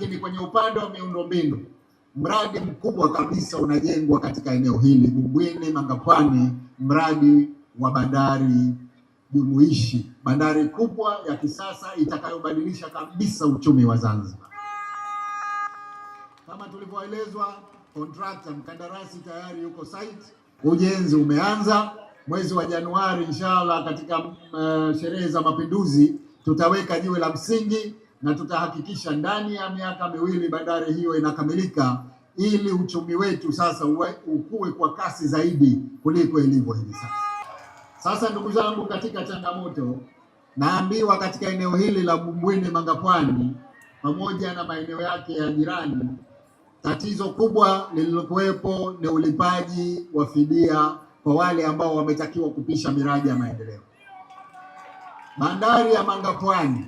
Lakini kwenye upande wa miundombinu, mradi mkubwa kabisa unajengwa katika eneo hili Bumbwini Mangapwani, mradi wa bandari jumuishi, bandari kubwa ya kisasa itakayobadilisha kabisa uchumi wa Zanzibar. Kama tulivyoelezwa, contractor mkandarasi tayari yuko site, ujenzi umeanza mwezi wa Januari. Inshallah, katika uh, sherehe za Mapinduzi tutaweka jiwe la msingi na tutahakikisha ndani ya miaka miwili bandari hiyo inakamilika, ili uchumi wetu sasa uwe, ukue kwa kasi zaidi kuliko ilivyo hivi sasa. Sasa ndugu zangu, katika changamoto naambiwa katika eneo hili la Bumbwini Mangapwani pamoja na maeneo yake ya jirani, tatizo kubwa lililokuwepo ni ulipaji wa fidia kwa wale ambao wametakiwa kupisha miradi ya maendeleo. Bandari ya Mangapwani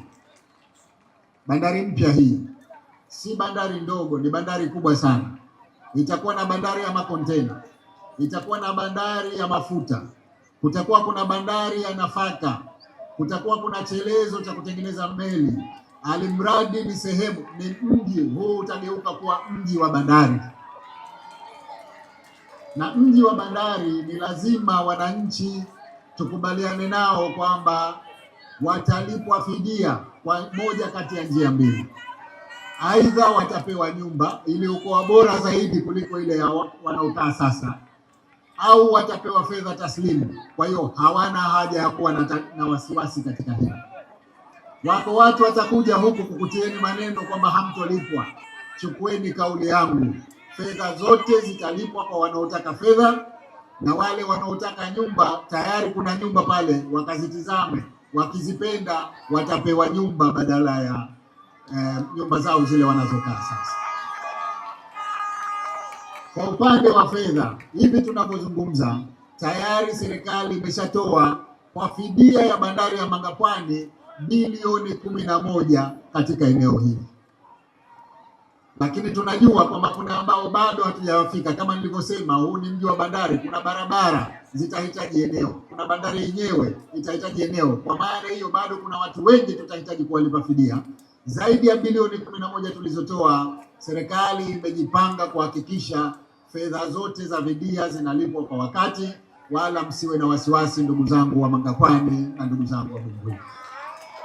Bandari mpya hii si bandari ndogo, ni bandari kubwa sana. Itakuwa na bandari ya makontena, itakuwa na bandari ya mafuta, kutakuwa kuna bandari ya nafaka, kutakuwa kuna chelezo cha kutengeneza meli. Alimradi ni sehemu, ni mji huu utageuka kuwa mji wa bandari, na mji wa bandari ni lazima wananchi tukubaliane nao kwamba watalipwa fidia kwa moja kati ya njia mbili. Aidha watapewa nyumba iliyokuwa bora zaidi kuliko ile ya wanaokaa sasa, au watapewa fedha taslimu. Kwa hiyo hawana haja ya kuwa na wasiwasi katika hili. Wako watu watakuja huku kukutieni maneno kwamba hamtolipwa. Chukueni kauli yangu, fedha zote zitalipwa kwa wanaotaka fedha, na wale wanaotaka nyumba, tayari kuna nyumba pale, wakazitizame wakizipenda watapewa nyumba badala ya eh, nyumba zao zile wanazokaa sasa. Kwa upande wa fedha, hivi tunavyozungumza, tayari serikali imeshatoa kwa fidia ya bandari ya Mangapwani bilioni kumi na moja katika eneo hili lakini tunajua kwamba kuna ambao bado hatujawafika. Kama nilivyosema, huu ni mji wa bandari, kuna barabara zitahitaji eneo, kuna bandari yenyewe itahitaji eneo. Kwa maana hiyo, bado kuna watu wengi tutahitaji kuwalipa fidia. Zaidi ya bilioni kumi na moja tulizotoa, serikali imejipanga kuhakikisha fedha zote za fidia zinalipwa kwa wakati, wala msiwe na wasiwasi, ndugu zangu wa Mangakwani na ndugu zangu wa Bumbwini.